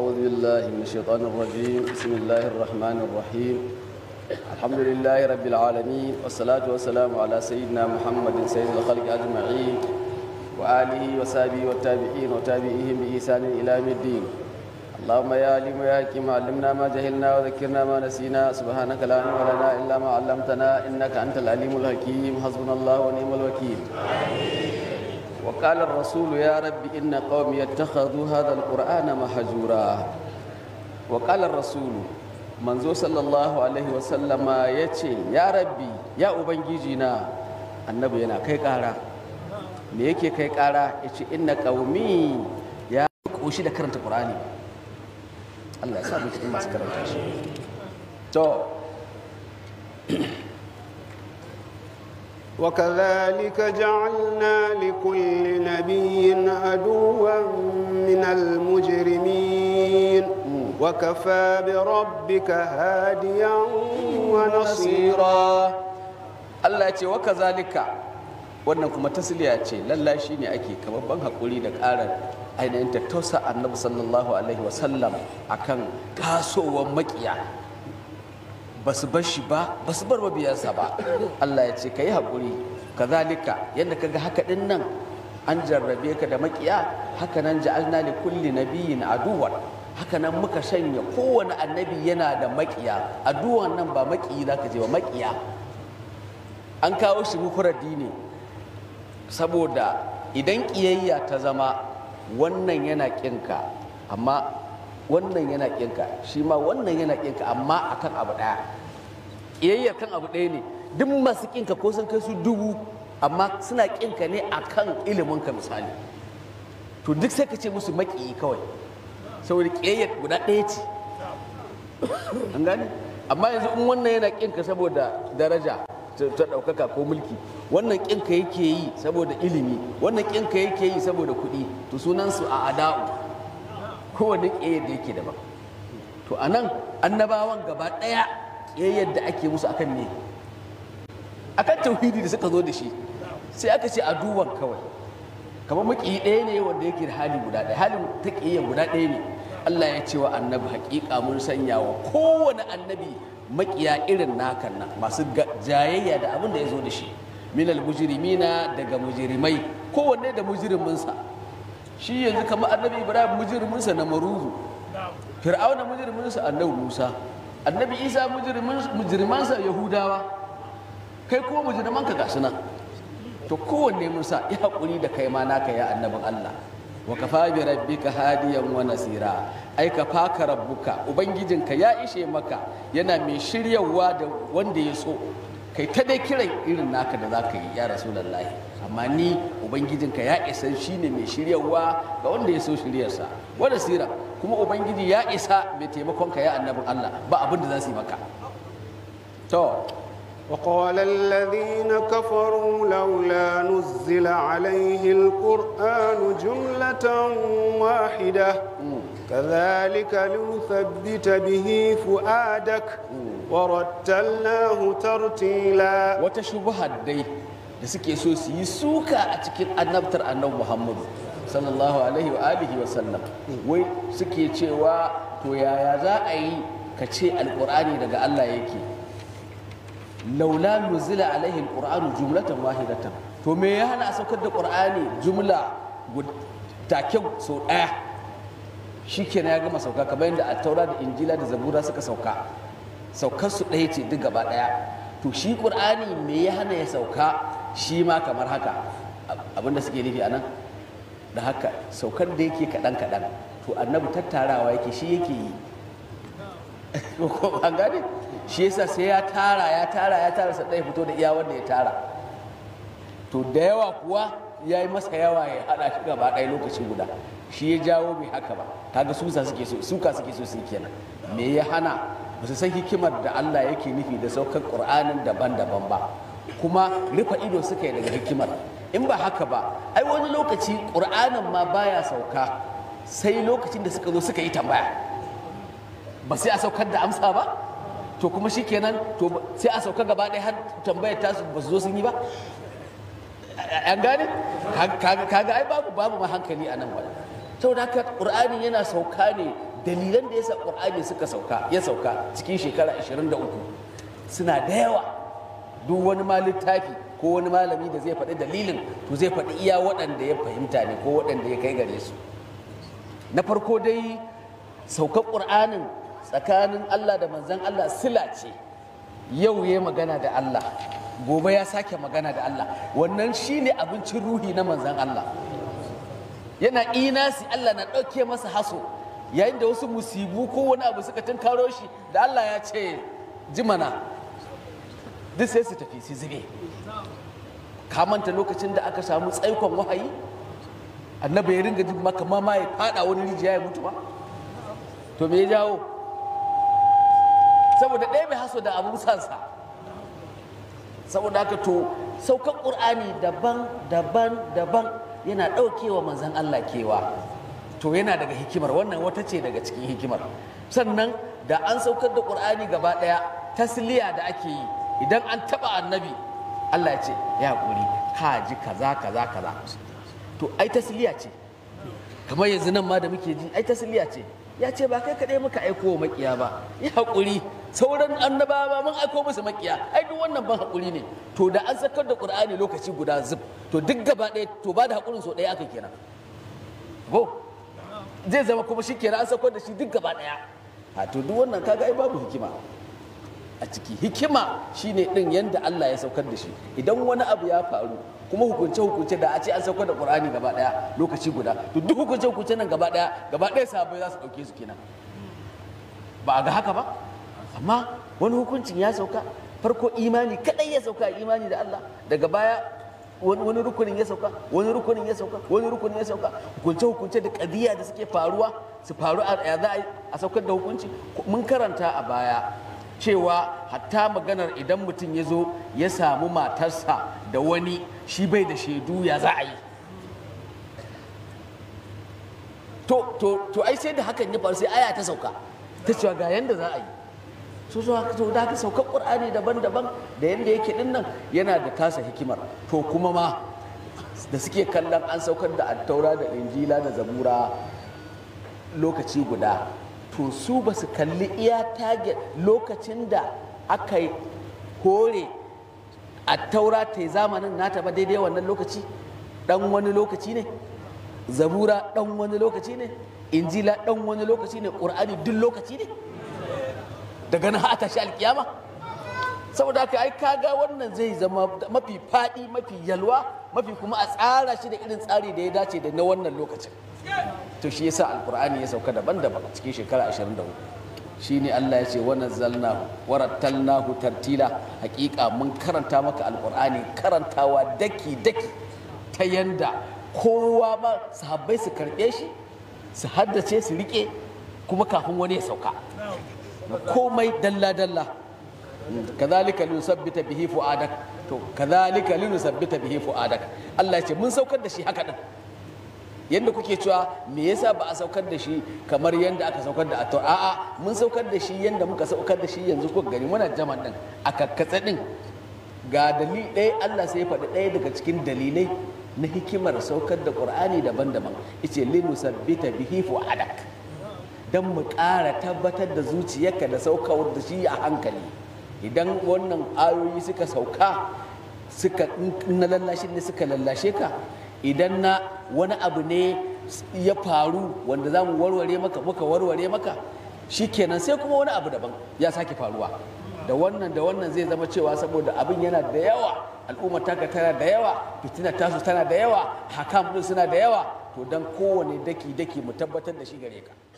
أعوذ بالله من الشيطان الرجيم بسم الله الرحمن الرحيم الحمد لله رب العالمين والصلاة والسلام على سيدنا محمد سيد الخلق أجمعين وآله وصحبه والتابعين وتابعيهم بإحسان إلى يوم الدين اللهم يا عليم يا حكيم علمنا ما جهلنا وذكرنا ما نسينا سبحانك لا علم لنا إلا ما علمتنا إنك أنت العليم الحكيم حسبنا الله ونعم الوكيل آمين وقال الرسول يا رب إن قومي اتخذوا هذا القرآن مهجورا وقال الرسول منزو صلى الله عليه وسلم يتي يا ربي يا أبنجيجنا النبي أنا كي قارا ميكي كي قارا يتي إن قومي يا وشي ده كرنت قرآني الله يسامحك ما تكرنت شيء تو وكذلك جعلنا لكل نبي عدوا من المجرمين وكفى بربك هاديا ونصيرا الله يتي وكذلك wannan kuma tasliya ce lallai shine ake kamar hakuri da ƙarar ainihin tattausa annabi sallallahu alaihi wasallam akan kasowar makiya ba su bar shi ba ba su bar mabiyansa ba Allah ya ce ka yi haƙuri kazalika yadda ka ga haka ɗin nan an jarrabe ka da maƙiya haka nan ja'alna li kulli nabiyyin aduwar haka nan muka shanya kowane annabi yana da maƙiya Aduwar nan ba maƙiyi za ka je ba maƙiya an kawo shi mufuradi dini. saboda idan ƙiyayya ta zama wannan yana ƙinka amma wannan yana kinka shi ma wannan yana kinka amma akan abu daya iyayyar kan abu daya ne duk masu kinka ko sun kai su dubu amma suna kinka ne akan kan ka misali to duk sai ka ce musu maƙiyi kawai saboda kiyayyar guda ɗaya ce an gane amma yanzu in wannan yana kinka saboda daraja ta ɗaukaka ko mulki wannan kinka yake yi saboda ilimi wannan kinka yake yi saboda kuɗi to sunansu a ada'u kowane ƙeyar da yake daban to a nan annabawan gaba ɗaya ƙeyar da ake musu akan ne akan tauhidi da suka zo da shi sai aka ce a duwan kawai kamar maƙi ɗaya ne wanda yake da hali guda ɗaya Hali ta ƙeyar guda ɗaya ne Allah ya ce wa annabi haƙiƙa mun sanya wa kowane annabi maƙiya irin nakan nan masu jayayya da abin da ya zo da shi minal mujrimina daga mujirimai kowanne da mujiriminsa shi yanzu kamar annabi ibrahim mujirminsa na maruzu fir'auna mujirminsa annabi musa annabi isa mujirmansa yahudawa kai kuma mujirmanka ga suna to kowanne musa ya haƙuri da kai ma naka ya annabin allah wa kafa bi ka hadiyan wa nasira ai ka faka rabbuka ubangijinka ya ishe maka yana mai shiryawa da wanda ya so kai ta dai kiran irin naka da zaka yi ya rasulullahi amma ni ubangijinka ya isa shine mai shiryarwa ga wanda ya so shiryarsa wanda sira kuma ubangiji ya isa mai taimakonka ya annabin Allah ba abin da za su yi maka to وقال الذين كفروا لولا نزل عليه القرآن جملة واحدة كذلك لنثبت به فؤادك ورتلناه ترتيلا وتشبهت دي da suke so su yi suka a cikin annabtar annabi muhammadu sallallahu alaihi wa alihi wa sallam wai suke cewa to yaya za a yi ka ce alkur'ani daga Allah yake laula nuzila alaihi alqur'anu jumlatan wahidatan to me ya hana a saukar da qur'ani jumla take sau daya shikenan ya gama sauka kamar yadda a taura da injila da zabura suka sauka saukar su ɗaya ce duk gaba ɗaya to shi ƙur'ani me ya hana ya sauka shi ma kamar haka abinda suke nufi anan da haka saukar da yake kaɗan kaɗan to annabi tattarawa yake shi yake yi ko an gane shi yasa sai ya tara ya tara ya tara sai ya fito da iya wanda ya tara to da yawa kuwa ya yi masa yawa ya hada shi gaba ɗaya lokaci guda shi ya jawo mai haka ba kaga suka suke so suka suke so su kenan me ya hana ba su san hikimar da Allah yake nufi da saukar Qur'anin daban-daban ba kuma rufe ido suka yi daga hikimar in ba haka ba ai wani lokaci ƙur'anin ma baya sauka sai lokacin da suka zo suka yi tambaya ba sai a saukar da amsa ba to kuma shi kenan to sai a sauka gaba ɗaya har tambayar tasu ba su zo sun yi ba an gane kaga ai babu babu ma hankali a nan ba saboda haka ƙur'ani yana sauka ne dalilan da yasa ƙur'ani suka sauka ya sauka cikin shekara 23 suna da yawa duk wani ma littafi ko wani malami da zai faɗi dalilin to zai faɗi iya waɗanda ya fahimta ne ko waɗanda ya kai gare su na farko dai saukar ƙur'anin tsakanin allah da manzan allah sila ce yau ya magana da allah gobe ya sake magana da allah wannan shine abincin ruhi na manzan allah yana si allah na ɗauke masa haso yayin da wasu musibu ko wani abu suka tun tunkaro shi da allah ya ce jimana duk sai su tafi su zube ka manta lokacin da aka samu tsaikon wahayi annabi ya ringa jin maka ma ya fada wani rijiya ya mutu ba to me ya jawo saboda ɗaya mai haso da abu sansa saboda haka to saukan ƙur'ani daban daban daban yana ɗaukewa manzan Allah kewa to yana daga hikimar wannan wata ce daga cikin hikimar sannan da an saukar da ƙur'ani gaba ɗaya tasliya da ake yi idan an taba annabi Allah ya ce ya hakuri ka ji kaza kaza kaza to ai tasliya ce kamar yanzu nan ma da muke ji ai tasliya ce ya ce ba kai kadai muka aiko wa makiya ba ya hakuri sauran annabawa mun aiko musu makiya ai duk wannan ban hakuri ne to da an sakar da qur'ani lokaci guda zub to duk gaba ɗaya to ba da hakurin so ɗaya aka kenan go zai zama kuma shi kenan an sakar da shi duk gaba ɗaya a to duk wannan kaga ai babu hikima a ciki hikima shine din yanda Allah ya saukar da shi idan wani abu ya faru kuma hukunce hukunce da a ce an saukar da Qur'ani gaba daya lokaci guda to duk hukunce hukunce nan gaba daya gaba daya sabai za su dauke su kenan ba a ga haka ba amma wani hukuncin ya sauka farko imani kadai ya sauka imani da Allah daga baya wani rukunin ya sauka wani rukunin ya sauka wani rukunin ya sauka hukunce hukunce da kadiya da suke faruwa su faru a za a saukar da hukunci mun karanta a baya cewa hatta maganar idan mutum ya zo ya samu matarsa da wani shi bai da shaidu ya za a yi to ai sai da hakan ya faru sai aya ta sauka ta cewa ga yanda za a yi so so haka da haka saukar ƙur'ani daban-daban da yanda yake din nan yana da tasa hikimar to kuma ma da suke kallon an saukar da attaura da injila da zabura lokaci guda to su ba su kalli iya tage lokacin da aka yi hore a taura ta zamanin nata ba daidai wannan lokaci dan wani lokaci ne zabura dan wani lokaci ne injila dan wani lokaci ne ƙur'ani duk lokaci ne daga na aka shi alkiyama saboda haka ai kaga wannan zai zama mafi faɗi mafi yalwa mafi kuma a tsara shi da irin tsari da ya dace da na wannan lokacin to shi yasa alqur'ani ya sauka daban-daban cikin shekara 24 shine Allah ya ce wa nazzalnahu wa rattalnahu tartila hakika mun karanta maka alqur'ani karantawa daki daki ta yanda kowa ma sahabbai su karbe shi su haddace su rike kuma kafin wani ya sauka komai dalla dalla kazalika linusabbita bihi fu'adak to kazalika linusabbita bihi fu'adak Allah ya ce mun saukar da shi haka din yadda kuke cewa me yasa ba a saukar da shi kamar yadda aka saukar da ato a'a mun saukar da shi yadda muka saukar da shi yanzu kuka gani muna jama'a din a kakkatse din ga dalil ɗaya Allah sai ya faɗi ɗaya daga cikin dalilai na hikimar saukar da Qur'ani daban-daban li linusabbita bihi fu'adak dan mu ƙara tabbatar da zuciyarka da saukar da shi a hankali idan wannan ayoyi suka sauka suka na lallashe ne suka lallashe ka idan na wani abu ne ya faru wanda za mu warware maka muka warware maka shi kenan sai kuma wani abu daban ya sake faruwa da wannan da wannan zai zama cewa saboda abin yana da yawa al'ummar taka tana da yawa fitina tasu tana da yawa hakam din suna da yawa to dan kowane daki daki mu tabbatar da shi gare ka